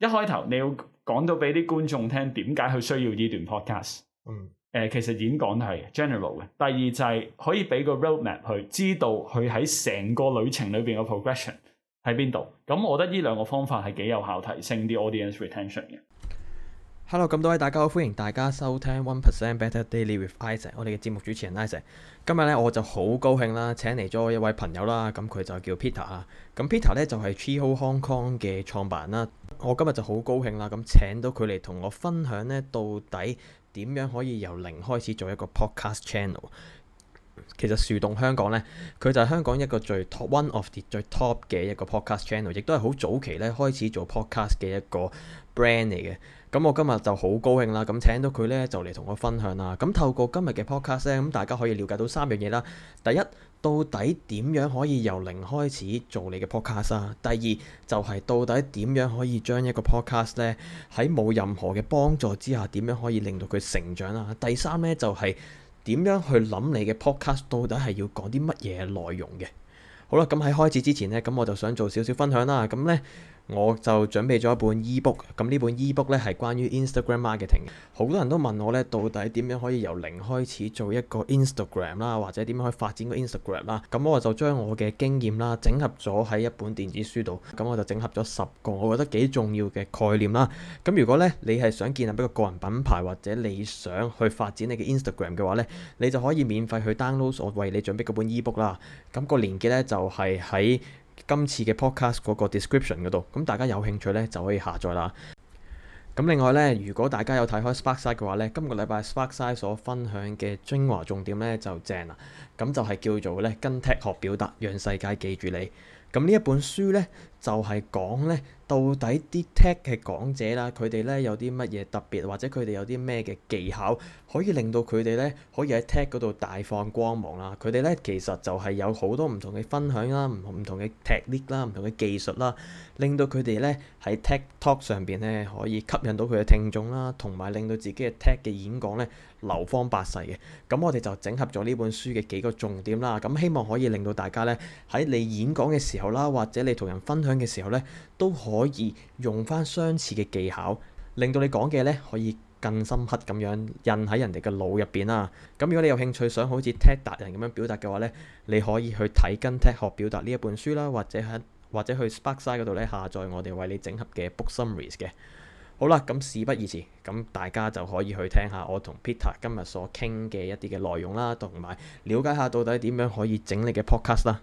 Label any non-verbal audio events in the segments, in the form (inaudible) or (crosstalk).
一開頭你要講到俾啲觀眾聽點解佢需要呢段 podcast，嗯，誒、呃、其實演講係 general 嘅。第二就係可以俾個 roadmap 佢知道佢喺成個旅程裏邊嘅 progression 喺邊度。咁我覺得呢兩個方法係幾有效提升啲 audience retention 嘅。hello，咁多位大家好，歡迎大家收聽 One Percent Better Daily with Isaac，我哋嘅節目主持人 Isaac，今日咧我就好高興啦，請嚟咗一位朋友啦，咁佢就叫 Peter 啊，咁 Peter 咧就係 Tree Hole Hong Kong 嘅創辦人啦，我今日就好高興啦，咁請到佢嚟同我分享咧，到底點樣可以由零開始做一個 podcast channel。其實樹洞香港咧，佢就係香港一個最 top，one of 最 top 嘅一個 podcast channel，亦都係好早期咧開始做 podcast 嘅一個 brand 嚟嘅。咁我今日就好高興啦！咁請到佢呢，就嚟同我分享啦。咁透過今日嘅 podcast 呢，咁大家可以了解到三樣嘢啦。第一，到底點樣可以由零開始做你嘅 podcast 啊？第二，就係到底點樣可以將一個 podcast 呢，喺冇任何嘅幫助之下，點樣可以令到佢成長啊？第三呢，就係點樣去諗你嘅 podcast 到底係要講啲乜嘢內容嘅？好啦，咁喺開始之前呢，咁我就想做少少分享啦。咁呢。我就準備咗一本 ebook，咁呢本 ebook 咧係關於 Instagram marketing。好多人都問我咧，到底點樣可以由零開始做一個 Instagram 啦，或者點樣去發展個 Instagram 啦？咁我就將我嘅經驗啦，整合咗喺一本電子書度。咁我就整合咗十個我覺得幾重要嘅概念啦。咁如果咧你係想建立一個個人品牌，或者你想去發展你嘅 Instagram 嘅話咧，你就可以免費去 download 我為你準備嗰本 ebook 啦。咁個連結咧就係喺今次嘅 podcast 嗰個 description 嗰度，咁大家有興趣呢就可以下載啦。咁另外呢，如果大家有睇開 Sparkside 嘅話呢，今個禮拜 Sparkside 所分享嘅精華重點呢就正啦。咁就係叫做呢，跟 TED 學表達，讓世界記住你。咁呢一本書呢，就係講呢，到底啲 tech 嘅講者啦，佢哋呢有啲乜嘢特別，或者佢哋有啲咩嘅技巧，可以令到佢哋呢可以喺 tech 嗰度大放光芒啦。佢哋呢其實就係有好多唔同嘅分享啦，唔唔同嘅 tech link 啦，唔同嘅技術啦，令到佢哋呢喺 tech talk 上邊呢可以吸引到佢嘅聽眾啦，同埋令到自己嘅 tech 嘅演講呢流芳百世嘅。咁我哋就整合咗呢本書嘅幾個重點啦，咁希望可以令到大家呢喺你演講嘅時候啦，或者你同人分享嘅時候呢，都可以用翻相似嘅技巧，令到你講嘅呢可以更深刻咁樣印喺人哋嘅腦入邊啦。咁如果你有興趣想好似 TED 達人咁樣表達嘅話呢，你可以去睇《跟 TED 學表達呢一本書》啦，或者喺或者去 Sparkside 嗰度呢下載我哋為你整合嘅 book summaries 嘅。好啦，咁事不宜遲，咁大家就可以去聽下我同 Peter 今日所傾嘅一啲嘅內容啦，同埋了解下到底點樣可以整理嘅 podcast 啦。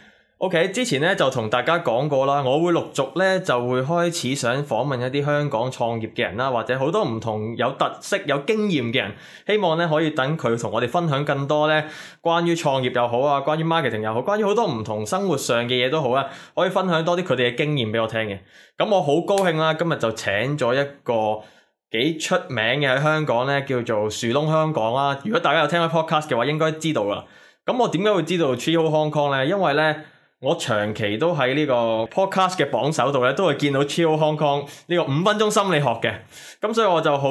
O.K. 之前咧就同大家講過啦，我會陸續咧就會開始想訪問一啲香港創業嘅人啦，或者好多唔同有特色、有經驗嘅人，希望咧可以等佢同我哋分享更多咧關於創業又好啊，關於 marketing 又好，關於好多唔同生活上嘅嘢都好啊，可以分享多啲佢哋嘅經驗俾我聽嘅。咁我好高興啦，今日就請咗一個幾出名嘅喺香港咧，叫做樹窿香港啦。如果大家有聽開 podcast 嘅話，應該知道噶啦。咁我點解會知道 Tree Hole Hong Kong 咧？因為咧。我長期都喺呢個 podcast 嘅榜首度咧，都係見到 Chill Hong Kong 呢個五分鐘心理學嘅，咁所以我就好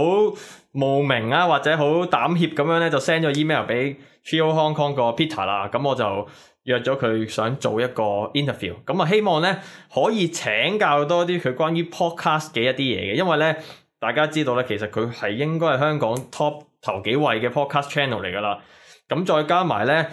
慕名啊，或者好膽怯咁樣咧，就 send 咗 email 俾 Chill Hong Kong 個 Peter 啦，咁我就約咗佢想做一個 interview，咁啊希望咧可以請教多啲佢關於 podcast 嘅一啲嘢嘅，因為咧大家知道咧，其實佢係應該係香港 top 頭幾位嘅 podcast channel 嚟㗎啦，咁再加埋咧。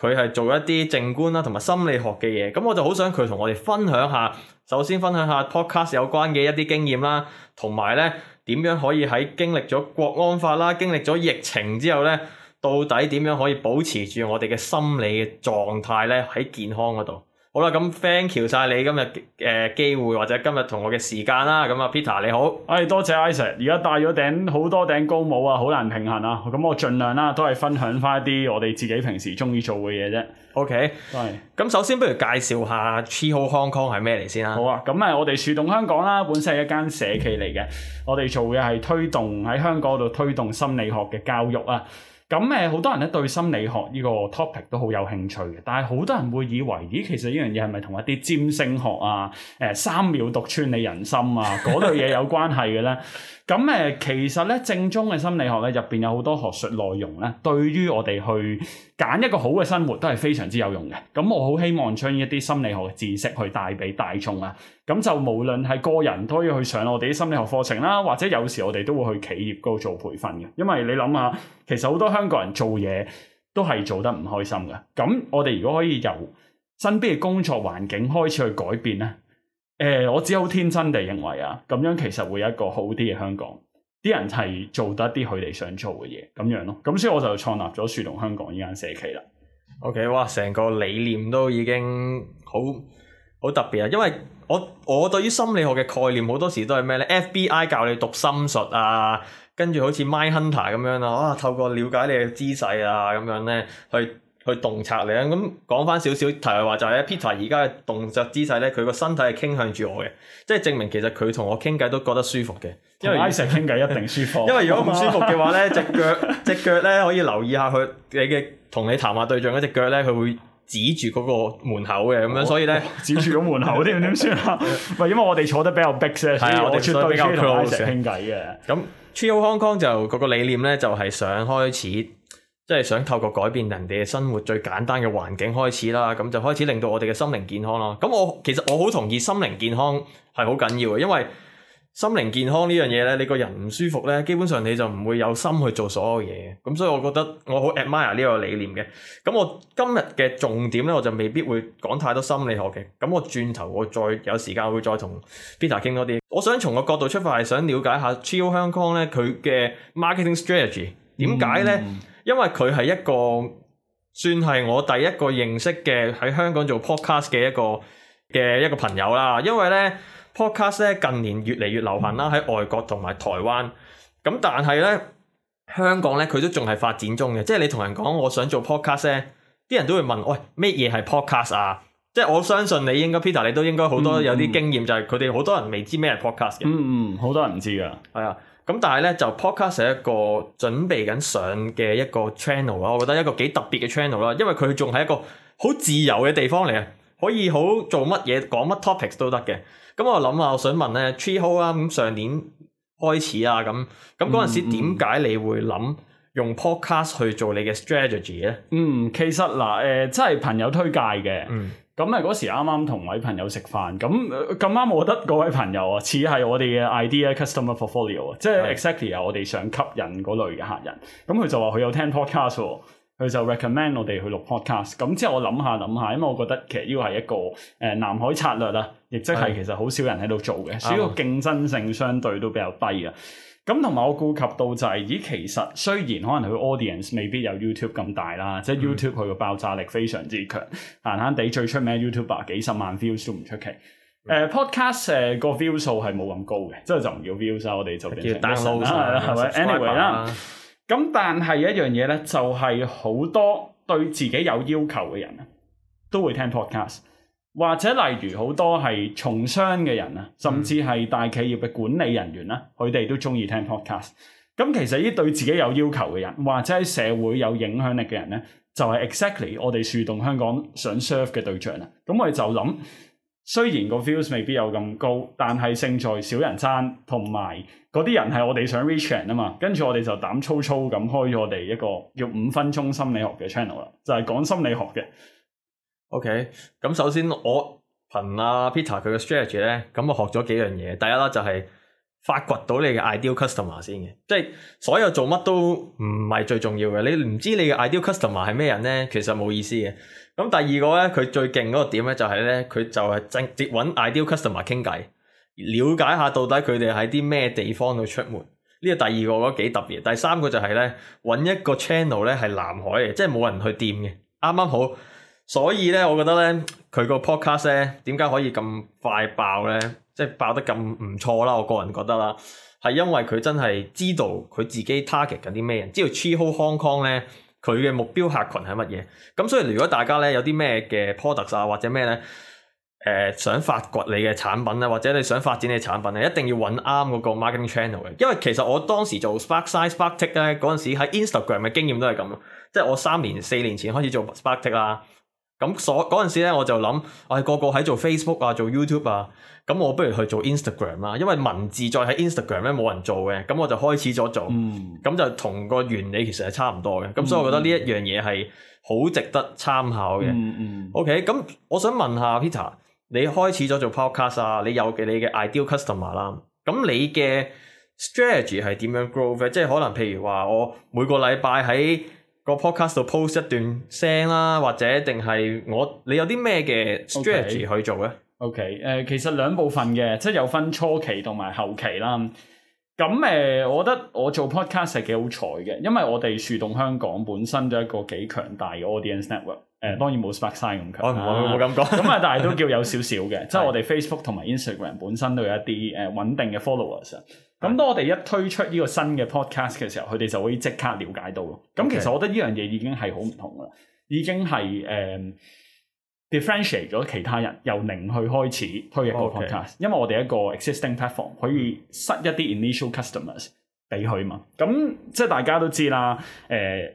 佢係做一啲正觀啦，同埋心理學嘅嘢，咁我就好想佢同我哋分享下，首先分享下 Podcast 有關嘅一啲經驗啦，同埋咧點樣可以喺經歷咗國安法啦，經歷咗疫情之後咧，到底點樣可以保持住我哋嘅心理嘅狀態咧，喺健康嗰度。好啦，咁 Thank you 晒你今日誒機會或者今日同我嘅時間啦。咁啊，Peter 你好，誒多謝 Isaac。而家戴咗頂好多頂高帽啊，好難平衡啊。咁我盡量啦，都係分享返一啲我哋自己平時鍾意做嘅嘢啫。OK，係是。咁首先不如介紹下 Treehouse Hong Kong 係咩嚟先啦。好啊，咁啊，我哋樹洞香港啦，本身係一間社企嚟嘅。我哋做嘅係推動喺香港度推動心理學嘅教育啊。咁誒，好多人咧對心理學呢個 topic 都好有興趣嘅，但係好多人會以為咦，其實呢樣嘢係咪同一啲占星學啊、誒、呃、三秒讀穿你人心啊嗰類嘢有關係嘅咧？ (laughs) 咁誒，其實咧，正宗嘅心理學咧，入邊有好多學術內容咧，對於我哋去揀一個好嘅生活都係非常之有用嘅。咁我好希望將一啲心理學嘅知識去帶俾大眾啊。咁就無論係個人都要去上我哋啲心理學課程啦，或者有時我哋都會去企業嗰度做培訓嘅。因為你諗下，其實好多香港人做嘢都係做得唔開心嘅。咁我哋如果可以由身邊嘅工作環境開始去改變咧。誒、欸，我只好天真地認為啊，咁樣其實會有一個好啲嘅香港，啲人係做得啲佢哋想做嘅嘢，咁樣咯。咁所以我就創立咗樹同香港呢間社企啦。OK，哇，成個理念都已經好好特別啊！因為我我對於心理學嘅概念好多時都係咩呢？FBI 教你讀心術啊，跟住好似 Mindhunter 咁樣啦，哇、啊！透過了解你嘅姿勢啊，咁樣呢。去。去洞察你啊。咁講返少少題外話，就係、是、Peter 而家嘅動作姿勢咧，佢個身體係傾向住我嘅，即係證明其實佢同我傾偈都覺得舒服嘅。因為 Isaac 傾偈一定舒服。 (laughs) 因為如果唔舒服嘅話咧，隻腳隻腳咧可以留意下佢你嘅同你談話對象嗰隻腳咧，佢會指住嗰個門口嘅，咁樣、哦、所以咧、哦哦、指住個門口，啲點算啊？唔係因為我哋坐得比較逼啫，所以我絕對 favour Isaac 傾偈嘅。咁、嗯、True Hong Kong 就嗰個理念咧，就係、是、想開始。即係想透過改變人哋嘅生活最簡單嘅環境開始啦，咁就開始令到我哋嘅心靈健康咯。咁我其實我好同意心靈健康係好緊要嘅，因為心靈健康呢樣嘢呢，你個人唔舒服呢，基本上你就唔會有心去做所有嘢。咁所以我覺得我好 admire 呢個理念嘅。咁我今日嘅重點呢，我就未必會講太多心理學嘅。咁我轉頭我再我有時間會再同 Peter 傾多啲。我想從個角度出發，係想了解下 Chill Hong Kong 呢，佢嘅 marketing strategy 點解呢？因為佢係一個算係我第一個認識嘅喺香港做 podcast 嘅一個嘅一個朋友啦。因為呢 podcast 咧近年越嚟越流行啦，喺外國同埋台灣。咁但係呢，香港呢，佢都仲係發展中嘅。即係你同人講我想做 podcast 呢，啲人都會問喂，咩？哎、嘢係 podcast 啊？即係我相信你應該 Peter 你都應該好多有啲經驗，嗯、就係佢哋好多人未知咩係 podcast 嘅，嗯。嗯嗯，好多人唔知噶，係啊。咁但係呢，就 Podcast 係一個準備緊上嘅一個 channel 啦，我覺得一個幾特別嘅 channel 啦，因為佢仲係一個好自由嘅地方嚟，可以好做乜嘢講乜 topics 都得嘅。咁我諗啊，我想問呢 Tree Hole 啊，咁上年開始啊，咁咁嗰陣時點解你會諗？用 podcast 去做你嘅 strategy 咧，嗯，其實嗱，誒、呃，即係朋友推介嘅，咁啊嗰時啱啱同位朋友食飯，咁咁啱，我覺得嗰位朋友啊似係我哋嘅 idea customer portfolio 啊，即係 exactly 啊，我哋想吸引嗰類嘅客人，咁佢就話佢有聽 podcast，佢就 recommend 我哋去錄 podcast，咁、嗯、之後我諗下諗下，因為我覺得其實呢個係一個誒、呃、藍海策略啊，亦即係其實好少人喺度做嘅，嗯、所以個競爭性相對都比較低啊。咁同埋我顧及到就係、是，咦，其實雖然可能佢 audience 未必有 YouTube 咁大啦，即係 YouTube 佢個爆炸力非常之強，閒閒地最出名 YouTuber 幾十萬 views 唔出奇。誒、嗯 uh, Podcast 誒個 views 數係冇咁高嘅，即係就唔叫 views 我哋就叫 downloads 啦，係咪？Anyway 啦，咁但係一樣嘢咧，就係、是、好多對自己有要求嘅人都會聽 Podcast。或者例如好多係從商嘅人啊，甚至係大企業嘅管理人員啦，佢哋、嗯、都中意聽 podcast。咁其實呢啲對自己有要求嘅人，或者喺社會有影響力嘅人咧，就係、是、exactly 我哋樹洞香港想 serve 嘅對象啦。咁我哋就諗，雖然個 views 未必有咁高，但係勝在少人爭，同埋嗰啲人係我哋想 reach 人啊嘛。跟住我哋就膽粗粗咁開咗我哋一個叫五分鐘心理學嘅 channel 啦，就係講心理學嘅。O.K. 咁首先我憑阿、啊、Peter 佢嘅 strategy 咧，咁我學咗幾樣嘢。第一啦，就係發掘到你嘅 ideal customer 先嘅，即係所有做乜都唔係最重要嘅。你唔知你嘅 ideal customer 係咩人咧，其實冇意思嘅。咁第二個咧，佢最勁嗰個點咧，就係咧，佢就係直接揾 ideal customer 傾偈，了解下到底佢哋喺啲咩地方度出沒。呢、這個第二個覺得幾特別。第三個就係咧，揾一個 channel 咧係南海嘅，即係冇人去掂嘅，啱啱好。所以咧，我覺得咧，佢個 podcast 咧，點解可以咁快爆咧？即係爆得咁唔錯啦，我個人覺得啦，係因為佢真係知道佢自己 target 緊啲咩人，知道 c h e a hole Hong Kong 咧，佢嘅目標客群係乜嘢。咁所以如果大家咧有啲咩嘅 products 啊或者咩咧，誒、呃、想發掘你嘅產品咧、啊，或者你想發展你產品咧、啊，一定要揾啱嗰個 marketing channel 嘅。因為其實我當時做 Spark Size Spark Tick 咧，嗰陣時喺 Instagram 嘅經驗都係咁，即係我三年四年前開始做 Spark Tick 啦。咁所嗰陣時咧，我就諗，我、哎、係個個喺做 Facebook 啊，做 YouTube 啊，咁我不如去做 Instagram 啦、啊，因為文字再喺 Instagram 咧冇人做嘅，咁我就開始咗做，咁、嗯、就同個原理其實係差唔多嘅，咁、嗯、所以我覺得呢一樣嘢係好值得參考嘅。嗯嗯、OK，咁我想問下 Peter，你開始咗做 Podcast 啊？你有嘅你嘅 ideal customer 啦、啊，咁你嘅 strategy 係點樣 grow 咧？即係可能譬如話，我每個禮拜喺個 podcast 度 post 一段聲啦，或者定係我你有啲咩嘅 strategy Okay. 去做咧？O K，誒其實兩部分嘅，即係有分初期同埋後期啦。咁、嗯、誒、呃，我覺得我做 podcast 係幾好彩嘅，因為我哋樹洞香港本身都係一個幾強大嘅 audience network、呃。誒當然冇 s p a r k s i n e 咁強，我唔會冇咁講。咁啊，但係都叫有少少嘅， (laughs) 即係我哋 Facebook 同埋 Instagram 本身都有一啲誒、呃、穩定嘅 followers。咁當我哋一推出呢個新嘅 podcast 嘅時候，佢哋就可以即刻了解到咯。咁其實我覺得呢樣嘢已經係好唔同啦，已經係誒、uh, differentiate 咗其他人由零去開始推一個 podcast，Okay. 因為我哋一個 existing platform 可以塞一啲 initial customers 俾佢嘛。咁即係大家都知啦，誒、uh。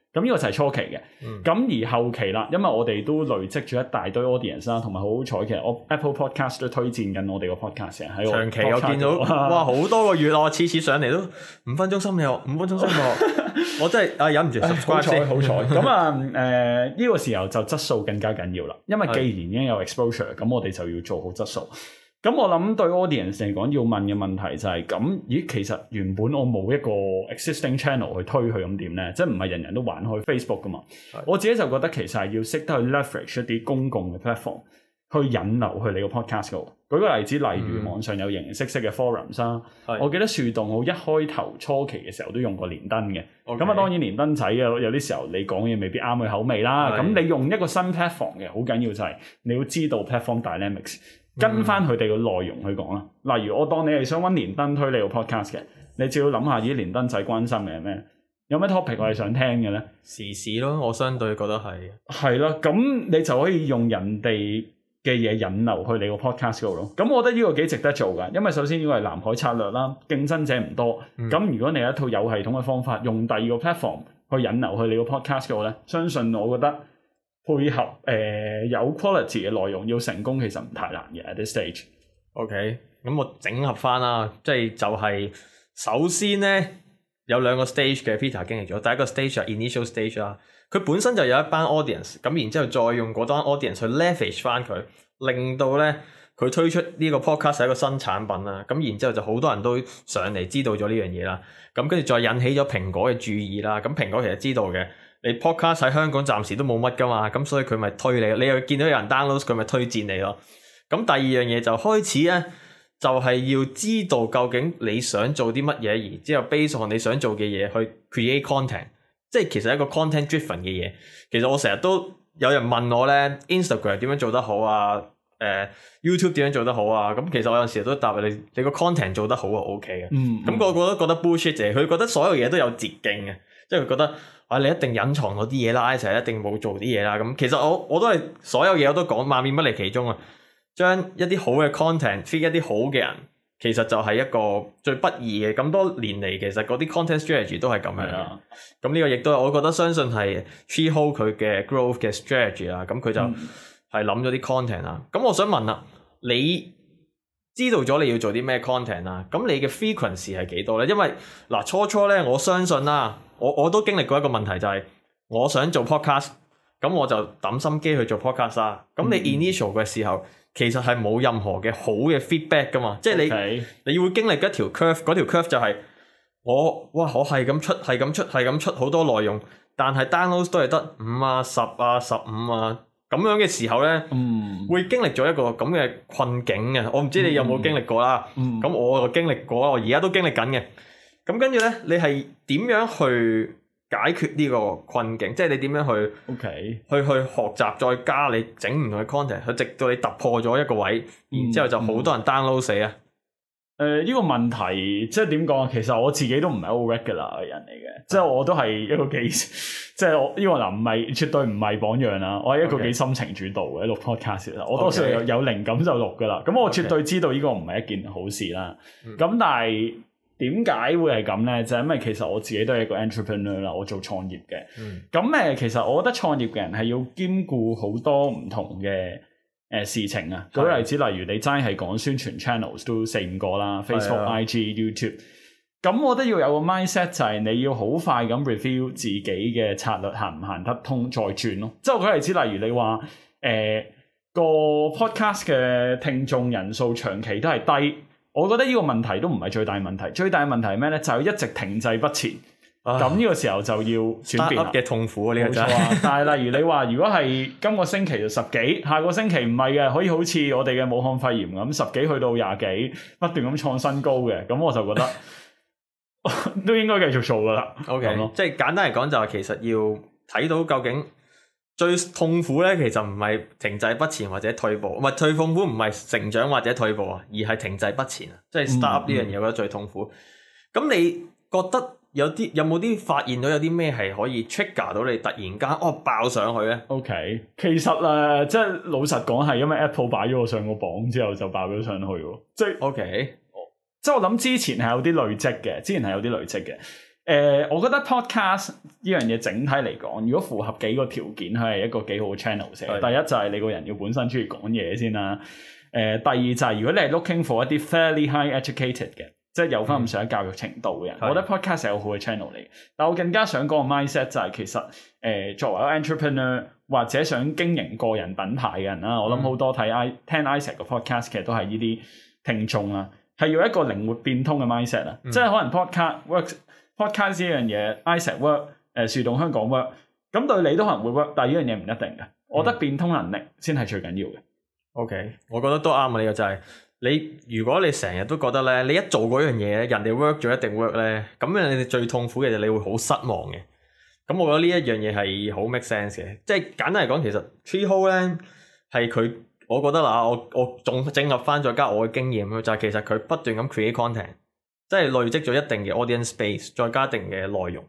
咁呢個就係初期嘅，咁、嗯、而後期啦，因為我哋都累積咗一大堆 audience 啦，同埋好好彩，其實我 Apple Podcast 都推薦緊我哋個 podcast 啊，喺長期又見到 (laughs) 哇，好多個月咯，次次上嚟都五分鐘心理學，五分鐘心理學， (laughs) 我真係啊忍唔住，好彩，好彩，咁啊誒呢個時候就質素更加緊要啦，因為既然已經有 exposure，咁我哋就要做好質素。咁我諗對 audience 嚟講，要問嘅問題就係、是、咁，咦？其實原本我冇一個 existing channel 去推佢，咁點呢？即係唔係人人都玩開 Facebook 噶嘛？是我自己就覺得其實係要識得去 leverage 一啲公共嘅 platform 去引流去你個 podcast 度。舉個例子，例如、嗯、網上有形形色色嘅 forums 啦是。我記得樹洞好一開頭初期嘅時候都用過連登嘅。咁啊，當然連登仔有啲時候你講嘢未必啱佢口味啦。咁是你用一個新 platform 嘅，好緊要就係你要知道 platform dynamics。跟翻佢哋嘅內容去講啦。例如，我當你係想搵連登推你個 podcast 嘅，你就要諗下依啲連登仔關心嘅係咩？有咩 topic 我係想聽嘅咧？時事咯，我相對覺得係。係咯，咁你就可以用人哋嘅嘢引流去你個 podcast 度咯。咁我覺得呢個幾值得做㗎，因為首先呢個係藍海策略啦，競爭者唔多。咁、嗯、如果你有一套有系統嘅方法，用第二個 platform 去引流去你個 podcast 度咧，相信我覺得。配合誒、呃、有 quality 嘅內容要成功其實唔太難嘅。At this stage，OK，咁我整合翻啦，即係即係就係、是、首先咧有兩個 stage 嘅 feature 經歷咗。第一個 stage 係 initial stage 啦，佢本身就有一班 audience，咁然之後再用嗰班 audience 去 leverage 翻佢，令到咧佢推出呢個 podcast 係一個新產品啦。咁然之後就好多人都上嚟知道咗呢樣嘢啦。咁跟住再引起咗蘋果嘅注意啦。咁蘋果其實知道嘅。你 podcast 喺香港暫時都冇乜噶嘛，咁所以佢咪推你，你又見到有人 download 佢咪推薦你咯。咁第二樣嘢就開始咧，就係、是、要知道究竟你想做啲乜嘢，而之後 base on 你想做嘅嘢去 create content，即係其實一個 content driven 嘅嘢。其實我成日都有人問我咧，Instagram 點樣做得好啊？誒、呃、，YouTube 點樣做得好啊？咁其實我有陣時候都答你，你個 content 做得好就 OK 嘅。咁、嗯嗯、個個都覺得 bullshit 佢覺得所有嘢都有捷徑嘅，即係佢覺得。啊！你一定隱藏咗啲嘢啦，一齊一定冇做啲嘢啦。咁其實我我都係所有嘢我都講萬變不離其宗啊。將一啲好嘅 content fit 一啲好嘅人，其實就係一個最不易嘅。咁多年嚟，其實嗰啲 content strategy 都係咁樣嘅。咁呢、嗯、個亦都係我覺得相信係 f o l 好佢嘅 growth 嘅 strategy 啦。咁佢就係諗咗啲 content 啦。咁我想問啦、啊，你知道咗你要做啲咩 content 啊？咁你嘅 frequency 係幾多咧？因為嗱、啊、初初咧，我相信啦、啊。我我都經歷過一個問題，就係我想做 podcast，咁我就揼心機去做 podcast 啦。咁你 initial 嘅時候，其實係冇任何嘅好嘅 feedback 噶嘛。即係你，Okay. 你會經歷一條 curve，嗰條 curve 就係、是、我哇，我係咁出，係咁出，係咁出好多內容，但係 downloads 都係得五啊、十啊、十五啊咁樣嘅時候呢，mm. 會經歷咗一個咁嘅困境嘅。我唔知你有冇經歷過啦。咁、mm. 我經歷過，我而家都在經歷緊嘅。咁跟住咧，你係點樣去解決呢個困境？即係你點樣去？O Okay . K，去去學習，再加你整唔同嘅 content，佢直到你突破咗一個位，然、嗯、之後就好多人 download 死啊！誒、嗯，呢、嗯呃這個問題即係點講？其實我自己都唔係好 red 噶啦，人嚟嘅，即係我都係一個幾，即係我呢、這個嗱唔係絕對唔係榜樣啦。我係一個幾心 Okay. 情主導嘅錄 podcast 啦。Cast, 我多數有 Okay. 有靈感就錄噶啦。咁我絕對 Okay. 知道呢個唔係一件好事啦。咁但係、嗯。但但點解會係咁呢？就係、因為其實我自己都係一個 entrepreneur 啦，我做創業嘅。咁誒、嗯，其實我覺得創業嘅人係要兼顧好多唔同嘅誒事情啊。舉例子，例如你齋係講宣傳 channel 都四五個啦的，Facebook、IG、YouTube。咁我都要有個 mindset，就係你要好快咁 review 自己嘅策略行唔行得通，再轉咯。即係我舉例子，例如你話誒個、呃、podcast 嘅聽眾人數長期都係低。我覺得呢個問題都唔係最大問題，最大嘅問題係咩呢？就係、一直停滯不前，咁呢唉個時候就要轉變嘅痛苦呢個就係，啊、 (laughs) 但係例如你話如果係今個星期就十幾，下個星期唔係嘅，可以好似我哋嘅武漢肺炎咁，十幾去到廿幾，不斷咁創新高嘅，咁我就覺得 (laughs) 都應該繼續做噶啦。O Okay , K，即係簡單嚟講就係其實要睇到究竟。最痛苦咧，其實唔係停滯不前或者退步，唔係退步，唔係成長或者退步啊，而係停滯不前啊，嗯、即係 startup 呢樣嘢我覺得最痛苦。咁你覺得有啲有冇啲發現到有啲咩係可以 trigger 到你突然間哦爆上去咧？OK，其實誒，即係老實講係因為 Apple 擺咗我上個榜之後就爆咗上去，即係 OK，即係我諗之前係有啲累積嘅，之前係有啲累積嘅。誒、呃，我覺得 podcast 呢樣嘢整體嚟講，如果符合幾個條件，係一個幾好嘅 channel 嘅的。第一就係你個人要本身中意講嘢先啦，啊。誒、呃，第二就係如果你係 looking for 一啲 fairly high educated 嘅，即係有翻唔上教育程度嘅人，嗯、我覺得 podcast 係好嘅 channel 嚟。但我更加想講個 mindset 就係其實誒、呃，作為一個 entrepreneur 或者想經營個人品牌嘅人啦，我諗好多睇 i、嗯、聽 i s e r 個 podcast 其實都係呢啲聽眾啊，係要一個靈活變通嘅 mindset 啊，嗯，即係可能 podcast works。Podcast 呢樣嘢，I set work，誒、呃、樹洞香港 work，咁對你都可能會 work，但係呢樣嘢唔一定嘅。我覺得變通能力先係最緊要嘅。OK，我覺得都啱啊！呢個就係、是、你如果你成日都覺得咧，你一做嗰樣嘢，人哋 work 咗一定 work 咧，咁樣你最痛苦嘅就係你會好失望嘅。咁我覺得呢一樣嘢係好 make sense 嘅，即係簡單嚟講，其實 Treehole 咧係佢，我覺得啦，我我總整合翻再加我嘅經驗就係、是、其實佢不斷咁 create content。即係累積咗一定嘅 audience space 再加一定嘅內容，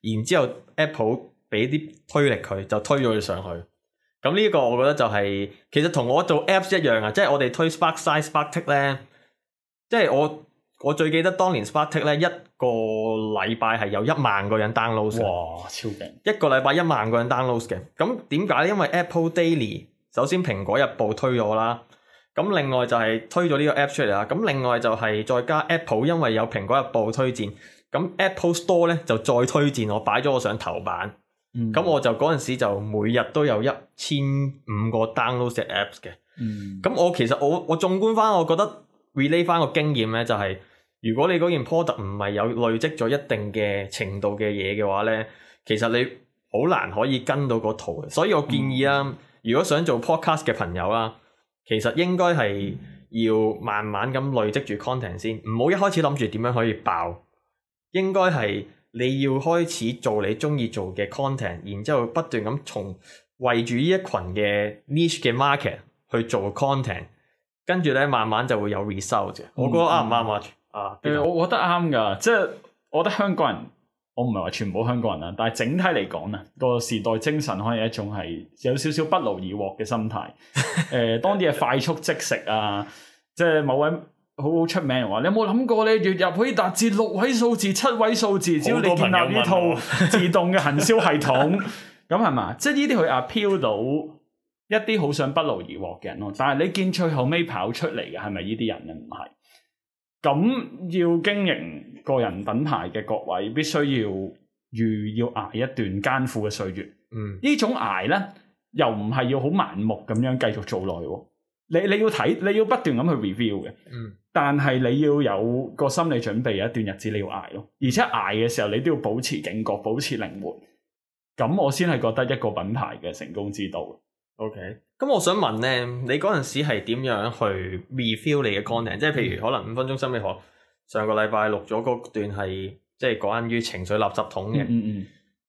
然之後 Apple 俾啲推力佢，就推咗佢上去。咁呢一個我覺得就係、是、其實同我做 Apps 一樣啊，即係我哋推 Spark Size Spark Tick、嗯、咧，即係我我最記得當年 Spark Tick 咧一個禮拜係有一萬個人 download 嘅，哇，超勁，一個禮拜一萬個人 download 嘅。咁點解？因為 Apple Daily 首先蘋果日報推咗啦。咁另外就係推咗呢個 app 出嚟啦，咁另外就係再加 Apple，因為有蘋果日報推薦，咁 Apple Store 咧就再推薦我，擺咗我上頭版，咁、嗯、我就嗰陣時就每日都有一千五個 download 嘅 apps 嘅，咁、嗯、我其實我我縱觀翻，我覺得 relay 翻個經驗咧就係、是，如果你嗰件 product 唔係有累積咗一定嘅程度嘅嘢嘅話咧，其實你好難可以跟到個圖，所以我建議啊，嗯、如果想做 podcast 嘅朋友啦、啊。其實應該係要慢慢咁累積住 content 先，唔好一開始諗住點樣可以爆。應該係你要開始做你中意做嘅 content，然之後不斷咁從圍住呢一群嘅 niche 嘅 market 去做 content，跟住咧慢慢就會有 result 啫。嗯、我覺得啱唔啱啊？嗯、啊，其實對、嗯、我覺得啱㗎，即係我覺得香港人。我唔係話全部香港人啊，但係整體嚟講啊，呢個時代精神可以一種係有少少不勞而獲嘅心態。誒、呃，當啲嘢快速即食啊， (laughs) 即係某位好好出名嘅話，你有冇諗過咧，月入可以達至六位數字、七位數字，只要你建立呢套自動嘅行銷系統咁係嘛？即係呢啲佢啊飄到一啲好想不勞而獲嘅人咯。但係你見最後尾跑出嚟嘅係咪呢啲人啊？唔係。咁要經營個人品牌嘅各位，必須要預要捱一段艱苦嘅歲月。嗯，呢種捱呢，又唔係要好盲目咁樣繼續做落去。你你要睇，你要不斷咁去 review 嘅。嗯，但係你要有個心理準備，一段日子你要捱咯。而且捱嘅時候，你都要保持警覺，保持靈活。咁我先係覺得一個品牌嘅成功之道。Okay. 咁我想問咧，你嗰陣時係點樣去 refill 你嘅 content？即係譬如可能五分鐘心理學，上個禮拜錄咗嗰段係即係關於情緒垃圾桶嘅。咁、嗯嗯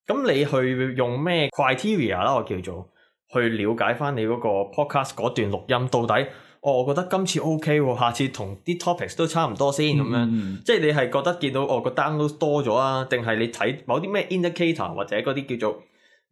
嗯、你去用咩 criteria 啦？我叫做去了解翻你嗰個 podcast 嗰段錄音到底、哦，我覺得今次 OK 喎、哦，下次同啲 topics 都差唔多先咁、嗯嗯嗯、樣。即係你係覺得見到我個、哦、download 多咗啊？定係你睇某啲咩 indicator 或者嗰啲叫做？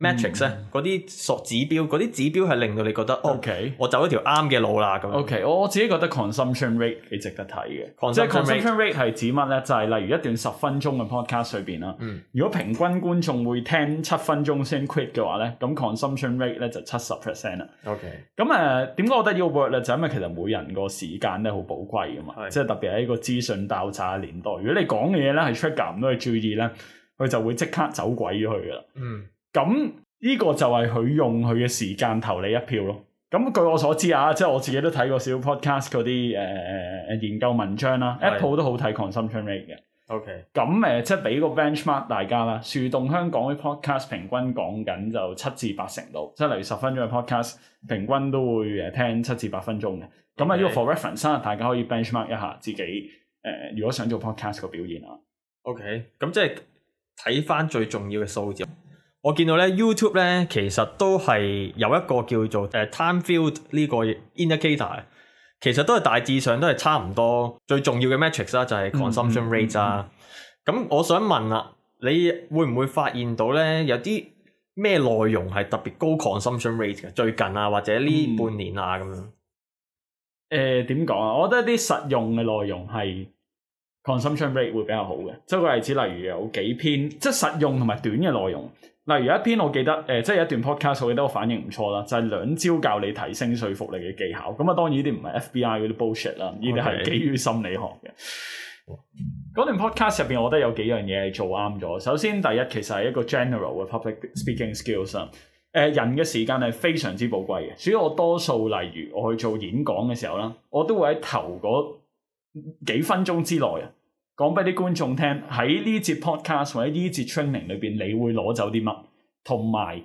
Matrix 咧，嗰啲索指標，嗰啲指標係令到你覺得，OK、嗯、我走一條啱嘅路啦。咁，okay，我自己覺得 consumption rate 幾值得睇嘅，即係 consumption rate 係指乜咧？就係、是、例如一段十分鐘嘅 podcast 裏面啦。嗯、如果平均觀眾會聽七分鐘先 quit 嘅話咧，咁 consumption rate 咧就七十 percent 啦。咁誒，點解 Okay.、呃、我覺得呢個 word 咧？就是、因為其實每人個時間咧好寶貴噶嘛，即係的特別喺個資訊爆炸年代，如果你講嘅嘢咧係 check 咁到佢注意咧，佢就會即刻走鬼咗去噶啦。嗯。咁呢個就係佢用佢嘅時間投你一票咯。咁據我所知啊，即係我自己都睇過少少 podcast 嗰啲誒、呃、誒研究文章啦、啊、是，Apple 都好睇 consumption rate 嘅。O K. 咁誒即係俾個 benchmark 大家啦。樹洞香港啲 podcast 平均講緊就七至八成度，即係例如十分鐘嘅 podcast 平均都會誒聽七至八分鐘嘅。咁啊呢個 for reference、啊、大家可以 benchmark 一下自己誒、呃，如果想做 podcast 個表現啊。O K. 咁即係睇翻最重要嘅數字。我見到咧 YouTube 咧，其實都係有一個叫做誒、呃、Time Field 呢個 indicator，其實都係大致上都係差唔多。最重要嘅 metrics 啦，就係 consumption rate 啊。咁、嗯嗯嗯、我想問啦、啊，你會唔會發現到咧有啲咩內容係特別高 consumption rate 嘅？最近啊，或者呢半年啊咁、嗯、樣？誒、呃，點講啊？我覺得啲實用嘅內容係 consumption rate 會比較好嘅。即係個例子，例如有幾篇即係實用同埋短嘅內容。例如一篇我記得，誒、呃，即係一段 podcast，我記得我反應唔錯啦，就係兩招教你提升說服力嘅技巧。咁啊，當然呢啲唔係 FBI 嗰啲 bullshit 啦，呢啲係基於心理學嘅。嗰 Okay. 段 podcast 入邊，我覺得有幾樣嘢係做啱咗。首先，第一其實係一個 general 嘅 public speaking skills、呃。誒，人嘅時間係非常之寶貴嘅，所以我多數例如我去做演講嘅時候啦，我都會喺頭嗰幾分鐘之內。講俾啲觀眾聽，喺呢節 podcast 或者呢節 training 裏邊，你會攞走啲乜？同埋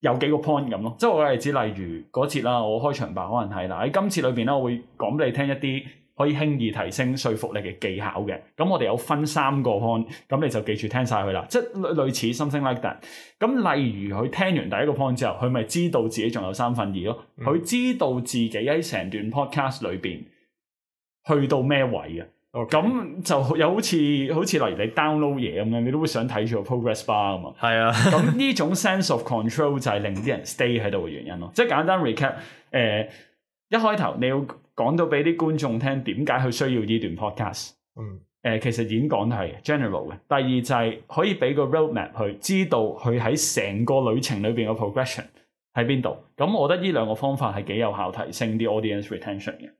有，有幾個 point 咁咯。即係我例子，例如嗰次啦，我開場白可能係啦。喺今次裏邊咧，我會講俾你聽一啲可以輕易提升說服力嘅技巧嘅。咁我哋有分三個 point，咁你就記住聽曬佢啦。即係類似 something like that。咁例如佢聽完第一個 point 之後，佢咪知道自己仲有三分二咯。佢、嗯、知道自己喺成段 podcast 裏邊去到咩位嘅。哦，咁就有好似好似例如你 download 嘢咁樣，你都會想睇住個 progress bar 啊嘛。係啊，咁呢種 sense of control 就係令啲人 stay 喺度嘅原因咯。即係簡單 recap，誒一開頭你要講到俾啲觀眾聽點解佢需要呢段 podcast。嗯，誒其實演講係 general 嘅。第二就係可以俾個 roadmap 去知道佢喺成個旅程裏邊嘅 progression 喺邊度。咁我覺得呢兩個方法係幾有效提升啲 audience retention 嘅。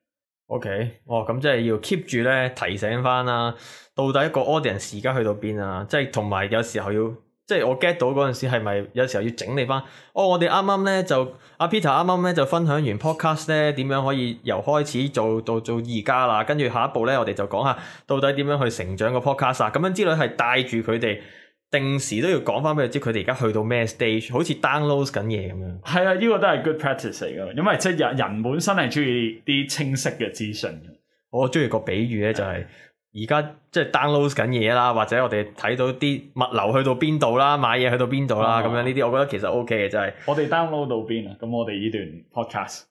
OK，哦，咁即係要 keep 住咧，提醒翻啦、啊，到底一個 audience 而家去到邊啊？即係同埋有時候要，即係我 get 到嗰陣時係咪？有時候要整理翻、啊。哦，我哋啱啱咧就阿 Peter 啱啱咧就分享完 podcast 咧，點樣可以由開始做到做而家啦？跟住下一步咧，我哋就講下到底點樣去成長個 podcast 啊？咁樣之類係帶住佢哋。定時都要講翻俾佢知，佢哋而家去到咩 stage，好似 download 緊嘢咁樣。係啊，呢個都係 good practice 嚟㗎，因為即係人本身係中意啲清晰嘅資訊。我中意個比喻咧，就係而家即係 download 緊嘢啦，或者我哋睇到啲物流去到邊度啦，買嘢去到邊度啦，咁樣，哦，呢啲，我覺得其實 OK 嘅，就係，我哋 download 到邊啊？咁我哋呢段 podcast，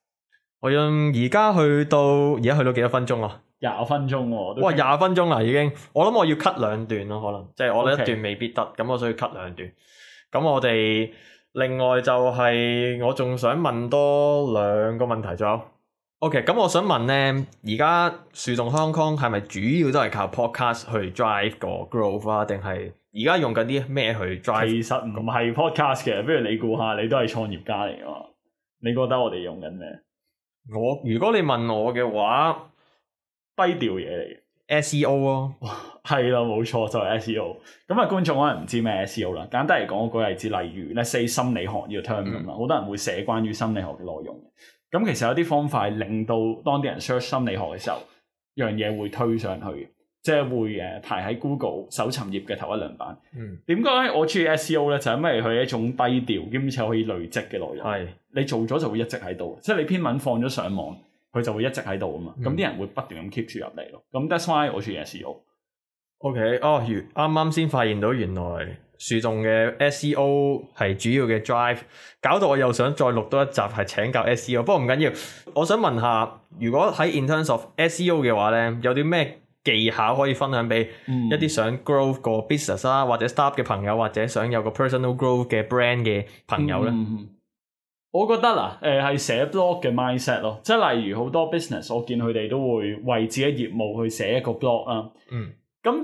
我用而家去到而家去到幾多分鐘咯？廿分鐘喎，哇！廿分鐘啊，已經，我諗我要 cut 兩段咯，可能，即係我一段未必得，咁 Okay. 我需要 cut 兩段。咁我哋另外就係我仲想問多兩個問題咗。OK，咁我想問呢，而家樹洞 Hong Kong 係咪主要都係靠 podcast 去 drive 個 growth 啊？定係而家用緊啲咩去 drive？其實唔係 podcast 嘅，不如你估下，你都係創業家嚟嘅嘛？你覺得我哋用緊咩？我如果你問我嘅話。低調嘢嚟嘅，S E O 咯、啊，係啦， (laughs) 冇錯就係、是、S E O。咁啊，觀眾可能唔知咩 S E O 啦。簡單嚟講，舉、那、例、個、子，例如 let's say 心理學呢個 term 咁啊、嗯，好多人會寫關於心理學嘅內容。咁其實有啲方法令到當啲人 search 心理學嘅時候，樣嘢會推上去，即係會誒排喺 Google 搜尋頁嘅頭一兩版。嗯，點解我中意 S E O 咧？就是、因為佢一種低調兼且可以累積嘅內容。係是，你做咗就會一直喺度，即係你篇文放咗上網。佢就會一直喺度啊嘛，咁啲、嗯、人會不斷咁 keep 住入嚟咯。咁、嗯、that's why 我做 SEO。OK，哦，啱啱先發現到原來樹洞嘅 SEO 係主要嘅 drive，搞到我又想再錄多一集係請教 SEO。不過唔緊要，我想問下，如果喺 in terms of SEO 嘅話咧，有啲咩技巧可以分享俾一啲想 grow 個 business 啦、啊，或者 start 嘅朋友，或者想有個 personal grow 嘅 brand 嘅朋友咧？嗯嗯我覺得啦，誒、呃，係寫 blog 嘅 mindset 咯，即係例如好多 business，我見佢哋都會為自己業務去寫一個 blog 啊。嗯。咁、嗯、但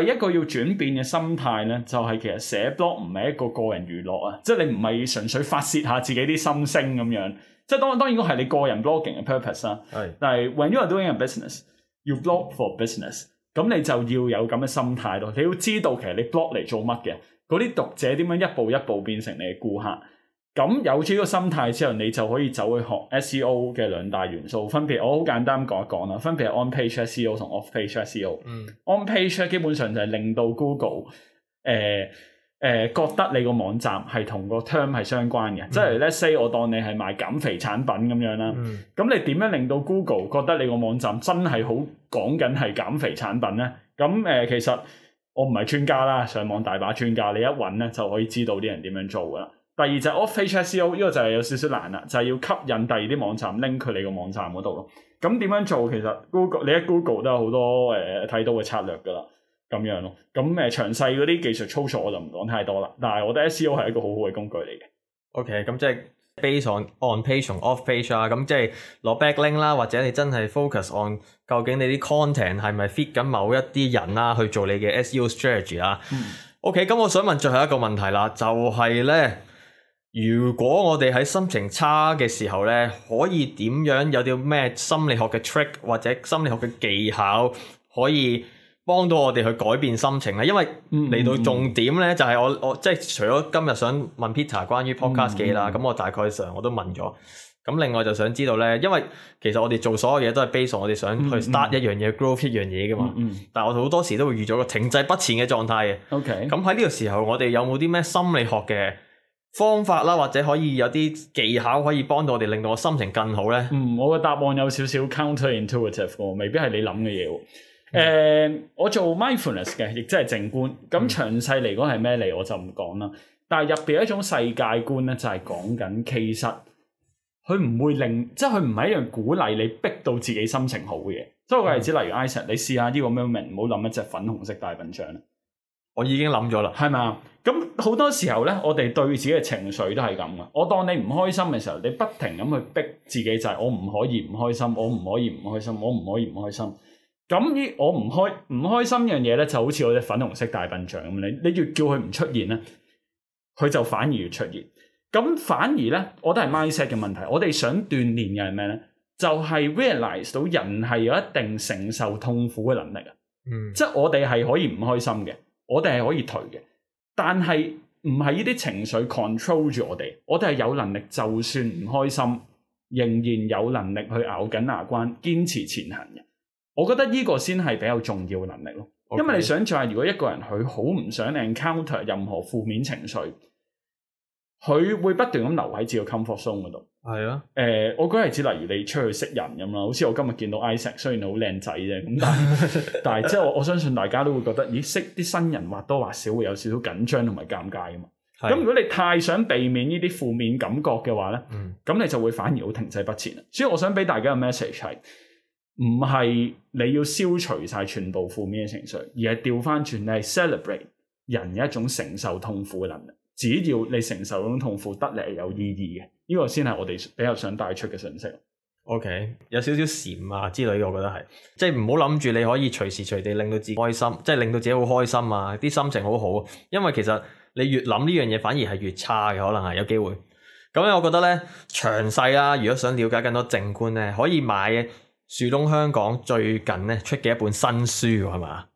係第一個要轉變嘅心態咧，就係、是、其實寫 blog 唔係一個個人娛樂啊，即係你唔係純粹發洩下自己啲心聲咁樣。即係當當然都係你個人 blogging 嘅 purpose 啦是。係。但係 when you are doing a business，you blog for business，咁、嗯嗯、你就要有咁嘅心態咯。你要知道其實你 blog 嚟做乜嘅，嗰啲讀者點樣一步一步變成你嘅顧客。咁有住呢個心態之後，你就可以走去學 SEO 嘅兩大元素，分別我好簡單講一講啦。分別係 On Page SEO 同 Off Page SEO。嗯、On Page 基本上就係令到 Google 誒、呃、誒、呃、覺得你個網站係同個 term 係相關嘅，即係 Let's、嗯、say 我當你係賣減肥產品咁樣啦，咁、嗯、你點樣令到 Google 覺得你個網站真係好講緊係減肥產品呢？咁誒、呃，其實我唔係專家啦，上網大把專家，你一揾呢就可以知道啲人點樣做噶啦。第二就係 off page SEO，呢個就係有少少難啦，就係、是、要吸引第二啲網站拎佢你個網站嗰度咯。咁點樣做其實 Google 你喺 Google 都有好多誒睇、呃、到嘅策略噶啦，咁樣咯。咁誒詳細嗰啲技術操作我就唔講太多啦。但係我覺得 SEO 係一個好好嘅工具嚟嘅。O K，咁即係 b a s e on on page 同 off page 啊，咁即係攞 backlink 啦，或者你真係 focus on 究竟你啲 content 係咪 fit 緊某一啲人啦去做你嘅 SEO strategy 啊。O K，咁我想問最後一個問題啦，就係、是、咧。如果我哋喺心情差嘅時候咧，可以點樣？有啲咩心理學嘅 trick 或者心理學嘅技巧可以幫到我哋去改變心情咧？因為嚟到重點咧，就係、嗯嗯、我我即係除咗今日想問 Peter 關於 podcast 嘅啦，咁、嗯嗯、我大概上我都問咗。咁另外就想知道咧，因為其實我哋做所有嘢都係 base，我哋想去 start、嗯嗯、一樣嘢，grow 一樣嘢嘅嘛。嗯嗯、但係我好多時都會遇咗個停滯不前嘅狀態。OK。咁喺呢個時候，我哋有冇啲咩心理學嘅方法啦，或者可以有啲技巧可以幫到我哋，令到我心情更好咧。嗯，我嘅答案有少少 counterintuitive 喎，uitive, 未必係你諗嘅嘢。喎。誒、嗯欸，我做 mindfulness 嘅，亦即係靜觀。咁詳細嚟講係咩嚟，我就唔講啦。嗯、但係入邊一種世界觀咧，就係講緊，其實佢唔會令，即係佢唔係一樣鼓勵你逼到自己心情好嘅嘢。即係我舉例子，例如，如 Isaac、嗯、你試下呢個 moment 唔好諗一隻粉紅色大笨象啦，我已經諗咗啦，係咪啊？咁好多時候咧，我哋對自己嘅情緒都係咁嘅。我當你唔開心嘅時候，你不停咁去逼自己就係我唔可以唔開心，我唔可以唔開心，我唔可以唔開心。咁呢，我唔開唔開心一樣嘢咧，就好似我隻粉紅色大笨象咁咧。你越叫佢唔出現咧，佢就反而越出現。咁反而咧，我都係 mindset 嘅問題。我哋想鍛鍊嘅係咩咧？就係 realize 到人係有一定承受痛苦嘅能力啊。嗯，即係我哋係可以唔開心嘅，我哋係可以退嘅。但係唔係呢啲情緒 control 住我哋，我哋係有能力就算唔開心，仍然有能力去咬緊牙關堅持前行嘅。我覺得呢個先係比較重要嘅能力咯，Okay. 因為你想像如果一個人佢好唔想 encounter 任何負面情緒。佢會不斷咁留喺自己 comfort zone 嗰度。係是啊，誒、呃，我嗰陣時例如你出去識人咁啦，好似我今日見到 Isaac，雖然你好靚仔啫，咁但係，但係 (laughs) 即係我，我相信大家都會覺得，咦，識啲新人或多或少會有少少緊張同埋尷尬啊嘛。咁是、啊、如果你太想避免呢啲負面感覺嘅話咧，咁、嗯、你就會反而好停滯不前啊。所以我想俾大家嘅 message 係，唔係你要消除晒全部負面嘅情緒，而係調翻轉你係 celebrate 人一種承受痛苦嘅能力。只要你承受嗰種痛苦得嚟係有意義嘅，呢、這個先係我哋比較想帶出嘅信息。OK，有少少禪啊之類嘅，我覺得係，即係唔好諗住你可以隨時隨地令到自己開心，即係令到自己好開心啊，啲心情好好。因為其實你越諗呢樣嘢，反而係越差嘅，可能係有機會。咁、嗯、咧，我覺得咧，詳細啦，如果想了解更多正觀咧，可以買、啊、樹東香港最近咧出嘅一本新書，係嘛？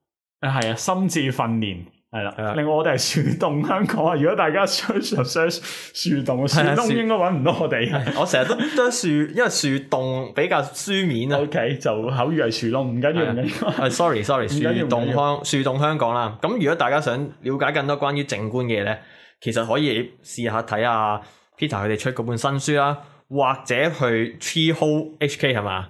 啊，係啊，心智訓練。係啦，另外我哋係樹洞香港啊！如果大家想 search search 樹洞，樹洞應該揾唔到我哋、啊、 (laughs) 我成日都都樹，因為樹洞比較書面啊。OK，就口語係樹洞唔緊要嘅。係、啊、sorry sorry，樹洞香樹洞香港啦。咁如果大家想了解更多關於靜觀嘅嘢咧，其實可以試下睇下 Peter 佢哋出嗰本新書啦，或者去 Tree Hole HK 係嘛？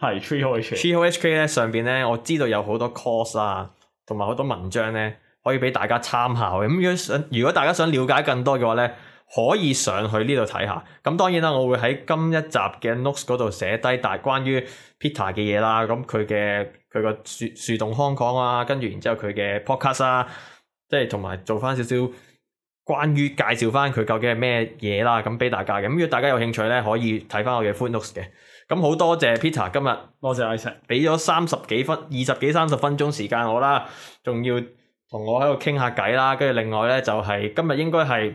係 Tree Hole HK。Tree Hole HK 咧，上邊咧我知道有好多 course 啊，同埋好多文章咧。可以俾大家參考嘅。咁如果想如果大家想了解更多嘅話咧，可以上去呢度睇下。咁當然啦，我會喺今一集嘅 notes 嗰度寫低，大係關於 Peter 嘅嘢啦，咁佢嘅佢個樹樹洞康康啊，跟住然之後佢嘅 podcast 啊，即係同埋做翻少少關於介紹翻佢究竟係咩嘢啦，咁俾大家嘅。咁如果大家有興趣咧，可以睇翻我嘅 full notes 嘅。咁好多謝 Peter 今日，多謝阿 Sir，俾咗三十幾分二十幾三十分鐘時間我啦，仲要。同我喺度傾下偈啦，跟住另外呢，就係今日應該係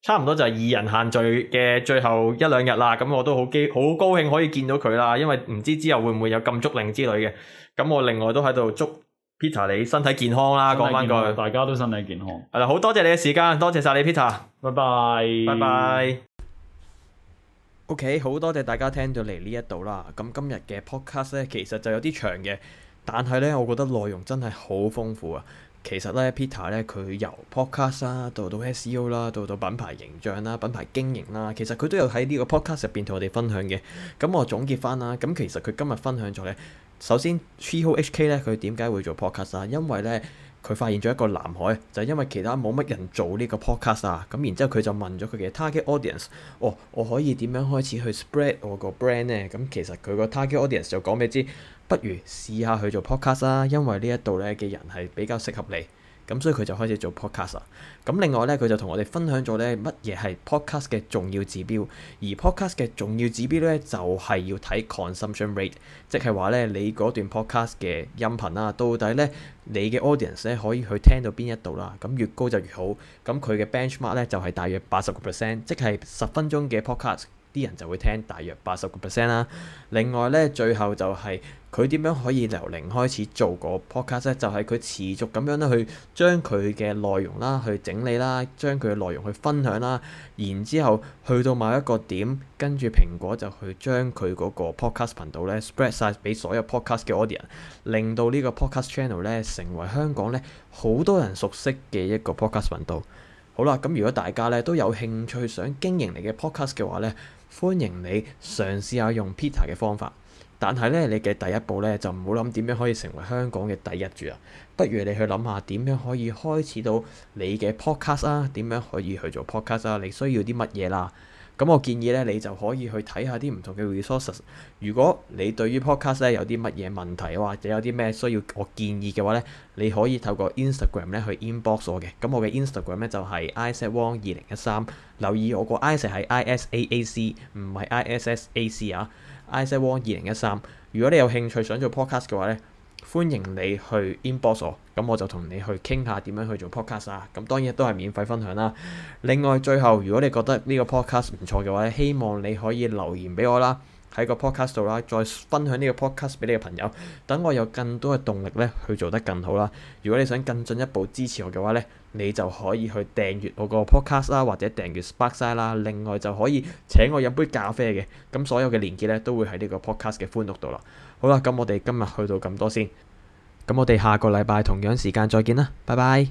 差唔多就係二人限聚嘅最後一兩日啦。咁我都好激好高興可以見到佢啦，因為唔知之後會唔會有禁足令之類嘅。咁我另外都喺度祝 Peter 你身體健康啦。講返句，大家都身體健康。誒，好多謝你嘅時間，多謝晒你，Peter。拜拜，拜拜。屋企、okay，好多謝大家聽到嚟呢一度啦。咁今日嘅 podcast 呢，其實就有啲長嘅，但係呢，我覺得內容真係好豐富啊。其實咧，Peter 咧，佢由 podcast 啦，到到 SEO 啦，到到品牌形象啦、品牌經營啦，其實佢都有喺呢個 podcast 入邊同我哋分享嘅。咁我總結翻啦，咁其實佢今日分享咗咧，首先 Three o HK 咧，佢點解會做 podcast 啊？因為咧，佢發現咗一個藍海，就係、因為其他冇乜人做呢個 podcast 啊。咁然之後佢就問咗佢嘅 target audience，哦，我可以點樣開始去 spread 我個 brand 咧？咁其實佢個 target audience 就講俾你知。不如試下去做 podcast 啦，因為呢一度咧嘅人係比較適合你，咁所以佢就開始做 podcast。咁另外咧，佢就同我哋分享咗咧乜嘢係 podcast 嘅重要指標，而 podcast 嘅重要指標咧就係要睇 consumption rate，即係話咧你嗰段 podcast 嘅音頻啦，到底咧你嘅 audience 咧可以去聽到邊一度啦，咁越高就越好。咁佢嘅 benchmark 咧就係大約八十個 percent，即係十分鐘嘅 podcast。啲人就會聽大約八十個 percent 啦。另外呢，最後就係佢點樣可以由零開始做個 podcast 呢？就係、是、佢持續咁樣呢去將佢嘅內容啦，去整理啦，將佢嘅內容去分享啦。然之後去到某一個點，跟住蘋果就去將佢嗰個 podcast 頻道呢 spread 曬俾所有 podcast 嘅 audience，令到個呢個 podcast channel 呢成為香港呢好多人熟悉嘅一個 podcast 頻道。好啦，咁如果大家呢都有興趣想經營你嘅 podcast 嘅話呢。歡迎你嘗試下用 Peter 嘅方法，但係咧，你嘅第一步咧就唔好諗點樣可以成為香港嘅第一住啊！不如你去諗下點樣可以開始到你嘅 podcast 啊？點樣可以去做 podcast 啊？你需要啲乜嘢啦？咁我建議咧，你就可以去睇下啲唔同嘅 resources。如果你對於 podcast 咧有啲乜嘢問題，或者有啲咩需要我建議嘅話咧，你可以透過 Instagram 咧去 inbox 我嘅。咁我嘅 Instagram 咧就係 isawang 二零一三，留意我個 isa 係 I S A A C，唔係 I S S A C 啊。isawang 二零一三，如果你有興趣想做 podcast 嘅話咧。歡迎你去 Inbox 哦，咁我就同你去傾下點樣去做 podcast 啊，咁當然都係免費分享啦。另外，最後如果你覺得呢個 podcast 唔錯嘅話，希望你可以留言俾我啦，喺個 podcast 度啦，再分享呢個 podcast 俾你嘅朋友，等我有更多嘅動力咧去做得更好啦。如果你想更進一步支持我嘅話咧，你就可以去訂閱我個 podcast 啦，或者訂閱 Sparks 啦。另外就可以請我飲杯咖啡嘅，咁所有嘅連結咧都會喺呢個 podcast 嘅歡讀度啦。好啦，咁我哋今日去到咁多先。咁我哋下個禮拜同樣時間再見啦，拜拜。